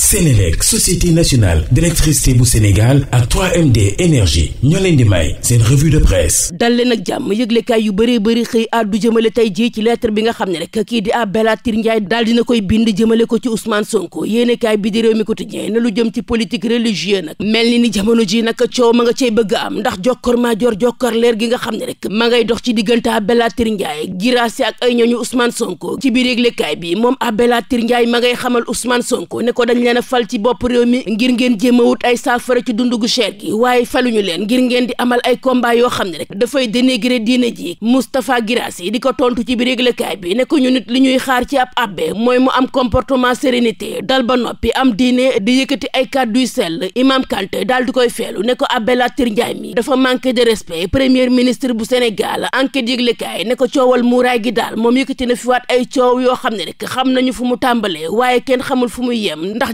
Sénélec société nationale d'électricité bu Sénégal ak 3MD énergie ñoo leen di may seen revue de presse dal leen ak jàmm yëglekaay yu bëree bëri xëy àddu jëmale tey jii ci lettre bi nga xam ne rek kii di ab Bellatir Ndiaye daal dina koy bind jëmale ko ci Ousmane Sonko yéenekaay bi di réew mi quotidien ne lu jëm ci politique religieuse nag mel ni ni jamono ji nag coow ma nga cay bëgg am ndax jokkor maa jor jokkor leer gi nga xam ne rek ma ngay dox ci diggante ab Bellatir Ndiaye giraasi ak ay ñooñu Ousmane Sonko ci biir yëglekaay bi moom ab Bellatir Ndiaye ma ngay xamal Ousmane Sonko ne ko dañ leen a fal ci bopp réew mi ngir ngeen jéem a ay saafara ci dundu gu cher gi waaye faluñu leen ngir ngeen di amal ay combat yoo xam ne rek dafay dénigrer diine ji Moustapha Guirassy di ko tontu ci biir yëglekaay bi ne ko ñu nit li ñuy xaar ci ab abbé mooy mu am comportement sérénité dal ba noppi am diine di yëkkati ay kàdduy sell Imam Kanté daal di koy feelu ne ko abbé Latir Ndiaye mi dafa manqué de respect premier ministre bu Sénégal enquête yëglekaay ne ko coowal muuraay gi daal moom yëkkati na fi waat yoo xam ne xam nañu fu mu tàmbalee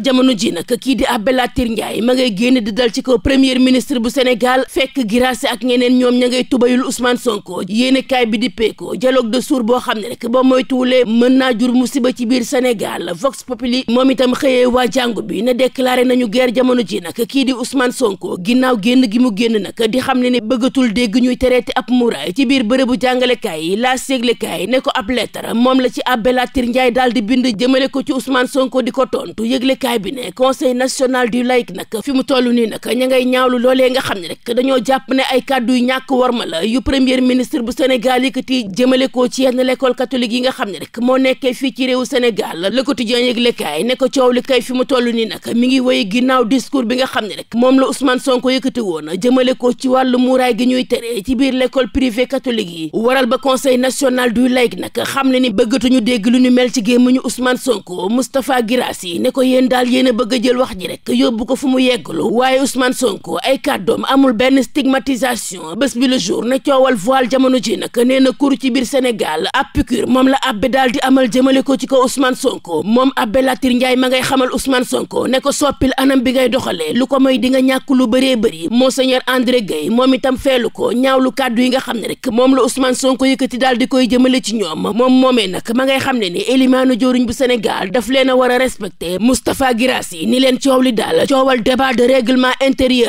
jamono ji nag kii di Abbé Latyr Ndiaye ma ngay génn di dal ci ko premier ministre bu Sénégal fekk Guirassy ak ñeneen ñoom ña ngay tubayul Ousmane Sonko yéenekaay bi di peeko dialogue de sourds boo xam ne rek ba moytuwulee mën naa jur musiba ci biir Sénégal Vox Populi moom itam xëyee waa jàngu bi ne déclaré nañu geer jamono ji nag kii di Ousmane Sonko ginnaaw génn gi mu génn nag di xam ne ne bëggatul dégg ñuy tereeti ab muraay ci biir bërëbu jàngalekaay yi laa séglekaay yi ne ko ab lettre moom la ci Abbé Latyr daal di bind jëmale ko ci Ousmane Sonko di ko tontu yëgle yéenekaay bi ne conseil national du laïc nag fi mu toll nii nag ña ñaawlu loolee nga xam ne rek dañoo jàpp ne ay kàddu yu ñàkk warma la yu premier ministre bu Sénégal yëkkati jëmale ko ci yenn l'école catholique yi nga xam ne rek moo nekkee fii ci réewu Sénégal Le Quotidien yëglekaay ne ko coow li kay fi mu toll nii nag mi ngi wéy ginnaaw discours bi nga xam ne rek moom la Ousmane Sonko yëkkati woon jëmale ko ci wàllu muuraay gi ñuy tere ci biir l'école privée catholique yi waral ba conseil national du laïc nag xam ne ni bëggatuñu dégg lu ñu mel ci gémmiñu Ousmane Sonko Moustapha Guirassy ne daal yéen a bëgg jël wax ji rek yóbbu ko fu mu yegglu waaye Ousmane Sonko ay kàddoom amul benn stigmatisation bés bi le jour ne coowal voile jamono ji nag nee na kur ci biir Sénégal ab piqûre moom la abbe daal di amal jëmale ko ci ko Ousmane Sonko moom abbe Latir Ndiaye ma ngay xamal Ousmane Sonko ne ko soppil anam bi ngay doxalee lu ko may di nga ñàkk lu bëree bëri monseigneur André Gueye moom itam feelu ko ñaawlu kàddu yi nga xam ne rek moom la Ousmane Sonko yëkkati daal di koy jëmale ci ñoom moom moomee nag ma ngay xam ne ni élimaanu joriñ bu Sénégal daf leen a Moustapha Guirassy ni leen coow li daal coowal débat de règlement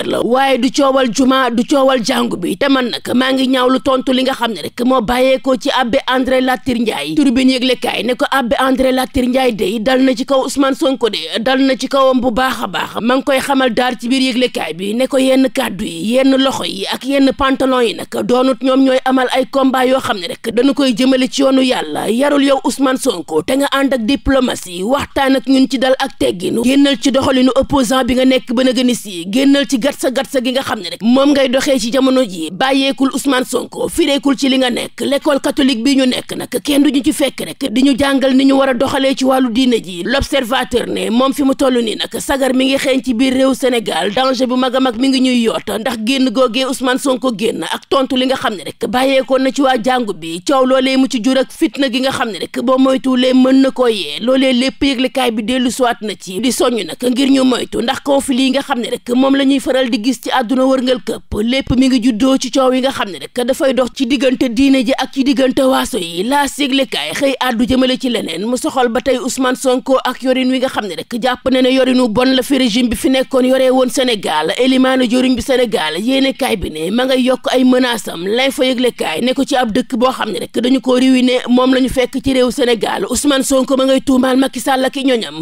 la waaye du coowal juma du coowal jàngu bi te man nag maa ngi ñaaw lu tontu li nga xam ne rek moo bàyyeekoo ci abbé André Latir Ndiaye turbine yëglekaay ne ko abbé André Latir Ndiaye day dal na ci kaw Ousmane Sonko de dal na ci kawam bu baax a baax maa ngi koy xamal daar ci biir yëglekaay bi ne ko yenn kàddu yi yenn loxo yi ak yenn pantalon yi nag doonut ñoom ñooy amal ay combat yoo xam ne rek dañu koy jëmale ci yoonu yàlla yarul yow Ousmane Sonko te nga ànd ak diplomatie waxtaan ak ñun ci dal ak teggi doxinu génnal ci doxalinu opposant bi nga nekk bën a gën si génnal ci gat sa gat sa gi nga xam ne rek moom ngay doxee ci jamono ji bàyyeekul Ousmane Sonko fireekul ci li nga nekk lekkool catholique bi ñu nekk nag kenn du ñu ci fekk rek di ñu jàngal ni ñu war a doxalee ci wàllu diine ji l'observateur ne moom fi mu toll nii nag sagar mi ngi xeeñ ci biir réew Sénégal danger bu mag a mag mi ngi ñuy yoot ndax génn googee son Sonko génn ak tontu li nga xam ne rek bàyyeekoon na ci waa jàngu bi coow loolee mu ci jur ak fitna gi nga xam ne rek boo moytuwulee mën na koo yee loolee lépp yëglekaay bi dellu na ci yi di soññ nag ngir ñu moytu ndax conflit yi nga xam ne rek moom la ñuy faral di gis ci àdduna wërngal këpp lépp mi ngi juddoo ci coow yi nga xam ne rek dafay dox ci diggante diine ji ak ci diggante waaso yi laa séglekaay xëy àddu jëmale ci leneen mu soxal ba tey Ousmane Sonko ak yorin wi nga xam ne rek jàpp na ne yorinu bon la fi régime bi fi nekkoon yoree woon Sénégal élimaana joriñ bi Sénégal yéenekaay bi ne ma ngay yokk ay menaces am lay fa yëglekaay ne ko ci ab dëkk boo xam ne rek dañu ko ruiné moom la ñu fekk ci réew Sénégal Ousmane Sonko ma ngay tuumaal Macky Sall ak ñoñam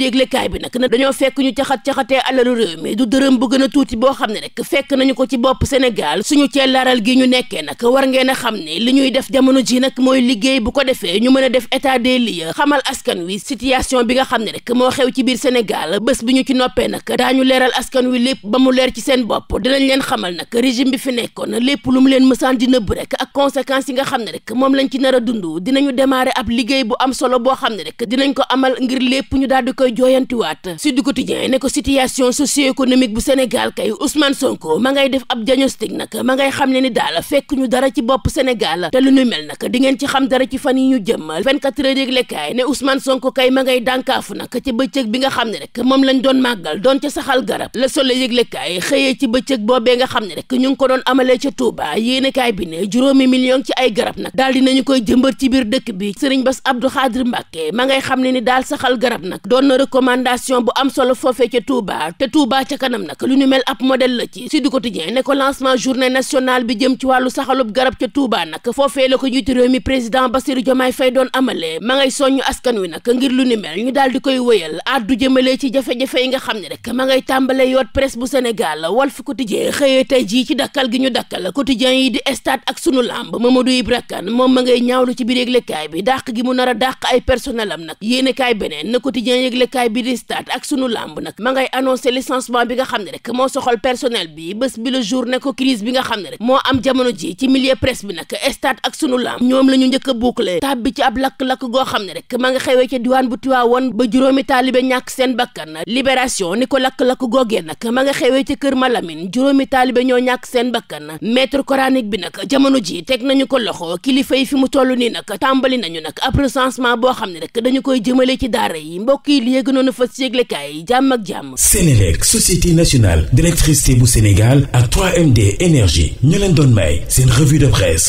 biir yëglekaay bi nag na dañoo fekk ñu caxat-caxatee alalu réew mi du dërëm bu gën a tuuti boo xam ne rek fekk nañu ko ci bopp Sénégal suñu cee laral gi ñu nekkee nag war ngeen a xam ne li ñuy def jamono ji nag mooy liggéey bu ko defee ñu mën a def état des lieux xamal askan wi situation bi nga xam ne rek moo xew ci biir Sénégal bés bi ñu ci noppee nag daa ñu leeral askan wi lépp ba mu leer ci seen bopp dinañ leen xamal nag régime bi fi nekkoon lépp lu mu leen mësaan di nëbb rek ak conséquences yi nga xam ne rek moom lañ ci nar a dund dinañu démarrer ab liggéey bu am solo boo xam ne dinañ ko amal koy jooyantiwaat Sud Quotidien ne ko situation socio-économique bu Sénégal kay Ousmane Sonko ma ngay def ab diagnostic nag ma ngay xam ne ni daal fekk ñu ci bopp Sénégal lu ñu mel nag di ngeen ci xam ci fan yi ñu jëmmal 24 heures yëglekaay ne bi nga xam ne rek moom lañ doon màggal doon ca saxal garab Le Soleil yëglekaay xëyee ci bëccëg boobee xam ne rek ko doon amalee ca Touba yéenekaay bi ne juróomi million ci ay garab nag daal dinañu koy jëmbat ci bi Serigne Bass Abdou Khadre Mbacké garab nag doon na recommandation bu am solo foofee ca Touba te Touba ca kanam nag lu ñu mel ab modèle la ci Sud Quotidien ne ko lancement journée nationale bi jëm ci wàllu saxalub garab ca Touba nag foofee la ko njiitu réew mi président Bassirou Diomaye Faye doon amalee ma ngay soññu askan wi nag ngir lu ñu mel ñu daal di koy wëyal addu jëmalee ci jafe-jafe yi nga xam ne rek ma ngay tàmbalee yoot presse bu Sénégal Walf Quotidien xëyee tey jii ci dakkal gi ñu dakkal quotidien yi di stade ak sunu lamb Mamadou Ibra Kane moom ma ngay ñaawlu ci biir bi dàq gi mu nar a na yëglekaay bi di stade ak sunu làmb nag ma ngay annoncé licenciement bi nga xam ne rek moo soxal personnel bi bés bi le jour ne ko crise bi nga xam ne rek moo am jamono ji ci milieu presse bi nag stade ak sunu làmb ñoom la ñu njëkk a bi ci ab lakk-lakk goo xam ne rek ma nga xewee ca diwaan bu Tiwaawoon ba juróomi taalibe ñàkk seen bakkan liberation ni ko lakk-lakk googee nag ma nga xewee ca kër Malamine juróomi taalibe ñoo ñàkk seen bakkan maître coranique bi nag jamono jii teg nañu ko loxo kilifa yi fi mu toll nii nag tàmbali nañu nag ab recensement boo xam ne rek dañu koy jëmale ci daara yi mbokk yee gënoon a fas yéeglekaay jàmm ak jàmm Sénélec société nationale d'électricité bu Sénégal ak 3MD énergie ñu leen doon may seen revue de presse